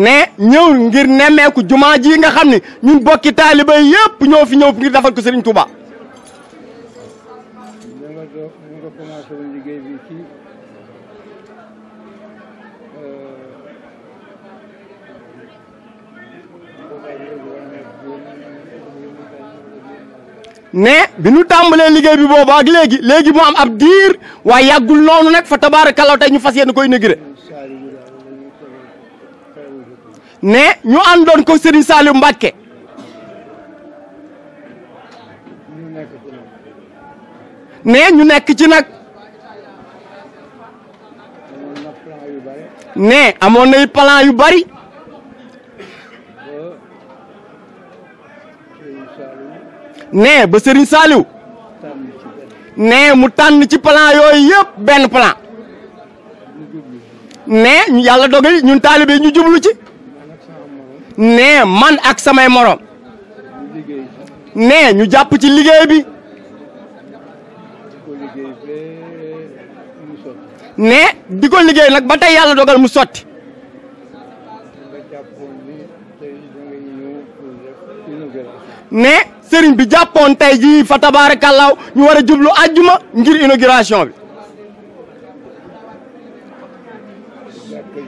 ne ñëw ngir nemmeeku jumaa ji nga xam ne ñun bokki taaliba yépp ñoo fi ñëw ngir defal ko Serigne Touba. ne bi ñu tàmbalee liggéey bi boobu ak léegi léegi moo am ab diir waaye yàggul noonu nag fa tabaarakallaah tey ñu fas yéene koy inauguré. ne ñu àndoon ko Serigne Saliou Mbacké ne ñu nekk ci nag ne amoon nay plan yu bari ne ba Serigne Saliou ne mu tànn ci plan yooyu yëpp benn plan ñu yàlla dogal ñun taalibe ñu jublu ci nee man ak samay morom nee ñu jàpp ci liggéey bi nee di ko liggéey nag ba tey yàlla dogal mu sotti ne sëriñ bi jàppoon tey jii fa tabaarakallaaw ñu war a jublu àjjuma ngir inauguration bi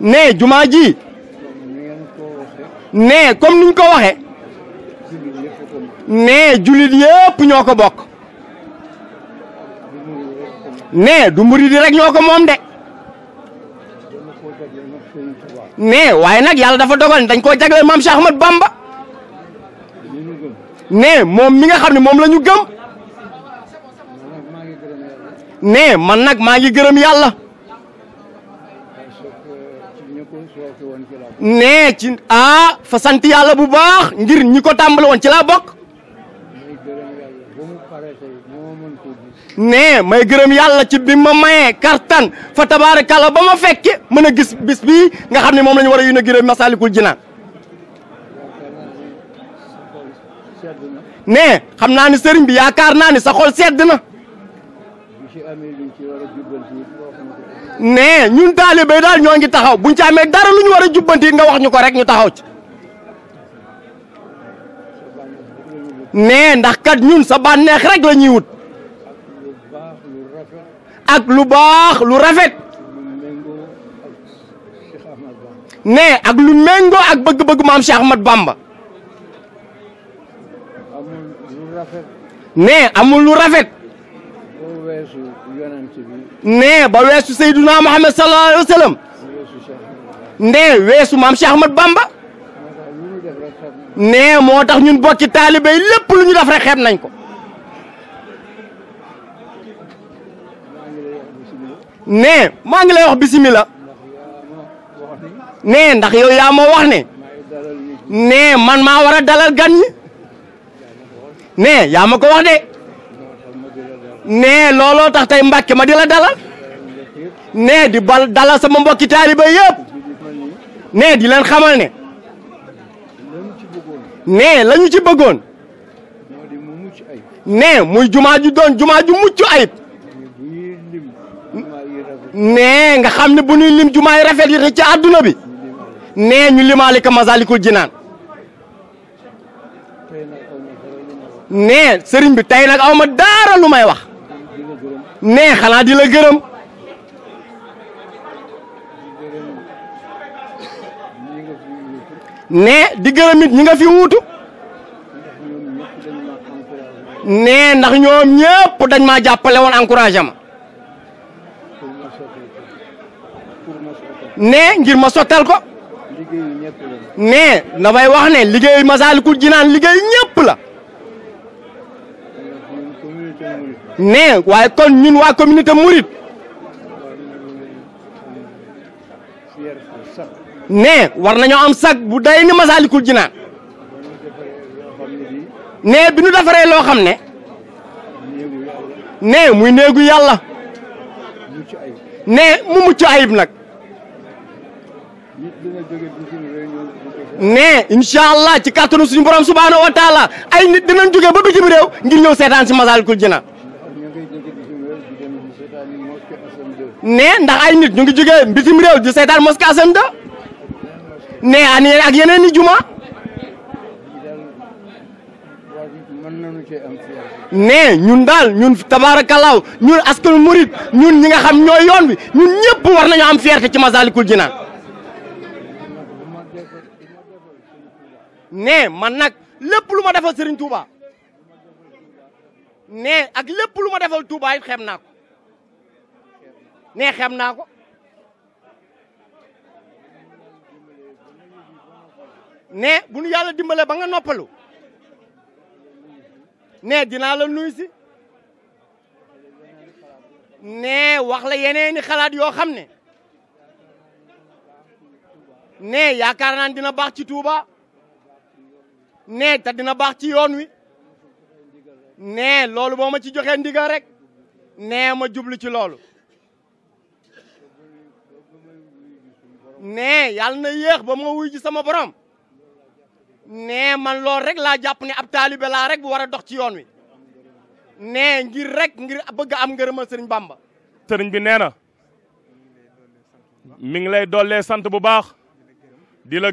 ne jumaa nee comme niñ ko waxee nee jullit yëpp ñoo ko bokk nee du murid yi rek ñoo ko moom de nee waaye nag yàlla dafa dogal dañ koo jagleel maam Cheikh Ahmad Bamba nee moom mi nga xam ne moom la ñu gëm nee man nag maa ngi gërëm yàlla ne ci ah fa sant yàlla bu baax ngir ñi ko tàmbali woon ci laa bokk ne may gërëm yàlla ci bi ma mayee kartan fa tabaarakalla ba ma fekke mën a gis bis bii nga xam ne moom lañu war a yu na gërëm Masaalikul Jinaan ne xam naa ni sëriñ bi yaakaar naa ni sa xol sedd na mais ñun talibé dal ñoo ngi taxaw buñ ci amé dara luñu wara jubanti nga wax ñuko rek ñu taxaw ci ne ndax kat ñun sa bànneex rek la ñuy wut ak lu bax lu rafet ne ak lu mengo ak bëgg-bëgg maam Cheikh Ahmad Bamba ne amul lu rafet nee ba wessu sayyiduna muhammad sallallahu Alaihi Wasallam. sallam wessu mam cheikh ahmed bamba nee motax ñun bokki talibé lepp luñu def rek xeeb nañ ko nee ma ngi lay wax bismillah nee ndax yow ya mo wax ne nee man ma wara dalal gan ñi nee yaa ma wax de nee lolo tax tay mbàkke ma di dalal di bal dalal sama mbokki taliba yëpp nee di len xamal ne nee la ci bëggoon nee muy juma ju doon juma ju muccu ayib nee nga xam bu ñuy lim yi rafet yi ci aduna bi nee ñu limaale ko Masaalikul Jinaan nee bi tay nak awma dara wax nee xanaa di la gërëm nee di gërëm it ñi nga fi wuutu nee ndax ñoom ñëpp dañ ma jàppale woon encouragé ma nee ngir ma sottal ko nee damay wax ne liggéey Masaalikul Jinaan liggéey ñëpp la ne waaye kon ñun waa communauté Mouride. ne war nañoo am sag bu day ni Masaalikul jinaa ne bi ñu defaree loo xam ne. ne muy néegu yàlla. ne mu mucc ayib nag. ne incha allah ci kàttanu suñu borom subhaanahu wa taala ay nit dinañ jóge ba bitim réew ngir ñëw seetaan si Masaalikul jinaa ne ndax ay nit ñu ngi jógee bitim réew di seetaan mosquée Assane II ne ani ak yeneen i juma ne ñun daal ñun tabaarakallaaw ñun askan murit ñun ñi nga xam ñooy yoon bi ñun ñëpp war nañu am fierté ci ji Jinaan ne man nag lépp lu ma defal Serigne Touba ne ak lépp lu ma defal Touba it xem naa nee xam naa ko nee bu nu yàlla dimbale ba nga noppalu ne dinaa la nuyu si ne wax la yeneeni xalaat yoo xam ne ne yaakaar naan dina baax ci tuuba ne te dina baax ci yoon wi ne loolu boo ma ci joxee ndigal rek nee ma jublu ci loolu ne yal na yeex ba mo wuy ci sama borom ne man lo rek la japp ne ab talibé la rek bu wara dox ci yoon wi ne ngir rek ngir bëgg am ngeureuma serigne Bamba. serigne bi neena mi ngi lay dolé sante bu baax di la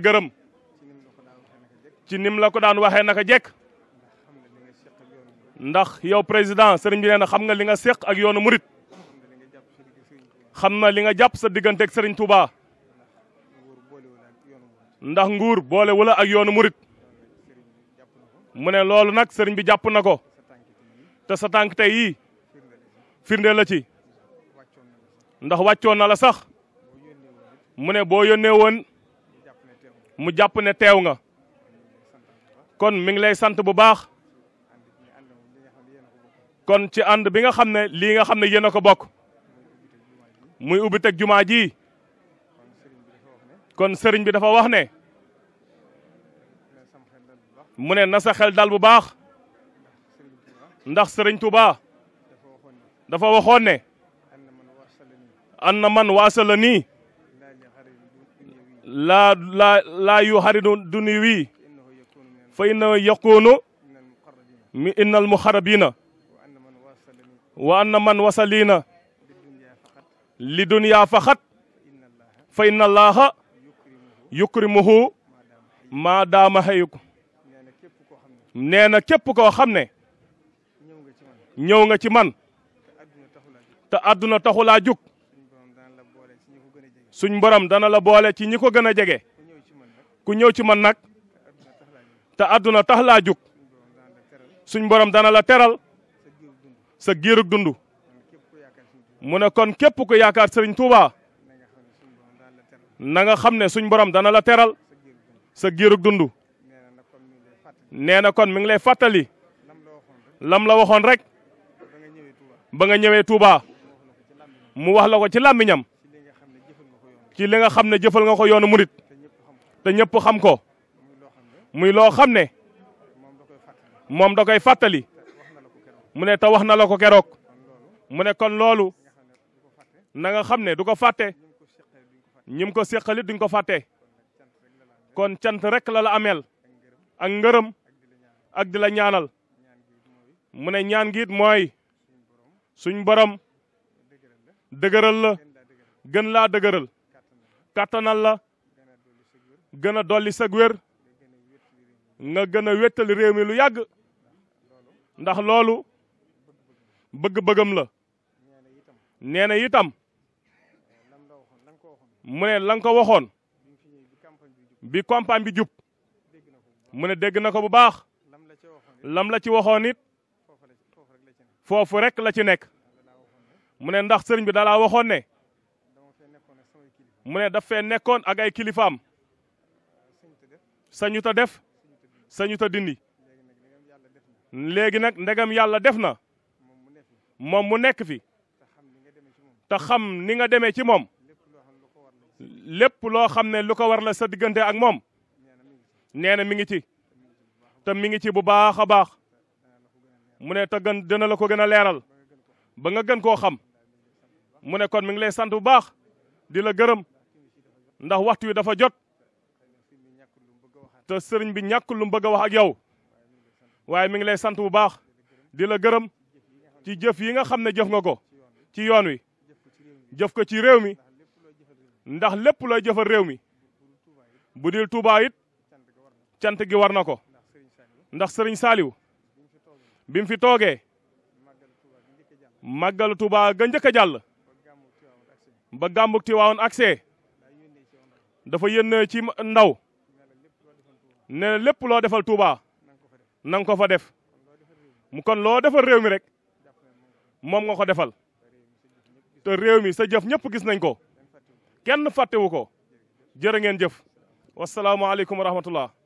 ci nim la ko daan waxé naka jek ndax yow président serigne bi neena xam nga li nga ak yoonu murit xam na li nga japp sa ak serigne Touba. ndax nguur boole wala ak yoonu murit mu ne loolu nag sëriñ bi jàpp na ko te sa tànk tey yii firnde la ci ndax wàccoon na la sax mu ne boo yónnee woon mu jàpp ne teew nga kon mi ngi lay sant bu baax kon ci ànd bi nga xam ne lii nga xam ne yéen a ko bokk muy ubbi teg jumaa ji kon sëriñ bi dafa wax ne mune ne na sa xel dal bu baax ndax serigne touba dafa waxone an man wasalani la la la laa yu xaridu duni wii fa inna yakunu min innal muxarabina wa an man wasalina li duniya faxat fa inna allaaha yukrimuhu maa daama xeyuk nee na képp koo xam ne ñëw nga ci man te àdduna taxu laa jug suñ borom dana la boole ci ñi ko gën a jege ku ñëw ci man nag te àdduna tax laa jug suñ borom dana la teral sa giirug dundu mu ne kon képp ku yaakaar sëriñ Tuuba na nga xam ne suñ borom dana la teral sa giirug dund nee na kon mi ngi lay fàttali lam la waxoon rek ba nga ñëwee Touba mu wax la ko ci làmmiñam ci li nga xam ne jëfal nga ko yoonu murit te ñëpp xam ko muy loo xam ne moom da koy fàttali mu ne ta wax na la ko keroog mu ne kon loolu nanga xam ne du ko fàtte ñi ko séqalit duñ ko fàtte kon cant rek la la ameel ak ak di la ñaanal mu ne ñaan giit mooy suñ borom dëgëral la gën laa dëgëral kàttanal la gën a dolli sag nga gën a wéttali réew mi lu yàgg ndax loolu bëgg-bëggam la nee na itam mu ne ko waxoon bi campagne bi jub mu ne dégg bu baax lam la ci waxoon it foofu rek la ci nekk mu ne ndax sëriñ bi dalaa waxoon ne mu ne daf fee nekkoon ak ay kilifaam sañu ta def sañu ta dindi léegi nag ndegam yàlla def na moom mu nekk fi te xam ni nga demee ci moom lépp loo xam ne lu ko war sa diggante ak moom nee mi ngi ci te mi ngi ci bu baax a baax mu ne te gën dina ko gën a leeral ba nga gën koo xam mu ne kon mi ngi lay sant bu baax di la gërëm ndax waxtu wi dafa jot te sëriñ bi ñàkk lu mu bëgg a wax ak yow waaye mi ngi lay sant bu baax di la gërëm ci jëf yi nga xam ne jëf nga ko ci yoon wi jëf ko ci réew mi ndax lépp looy jëfal réew mi bu dil Tuubaa cant gi war na ko ndax serigne saliw bim fi toge magal tuba ga njëkk jall ba gambuk ti tiwaawoon accès dafa yenn ci ndaw ne lepp lo defal touba nang ko fa def mu kon lo defal réew mi rek mom nga ko defal te réew sa jëf ñëpp gis nañ ko kenn fàttewu ko jere ngeen jëf wasalaamualeykum wa rahmatullah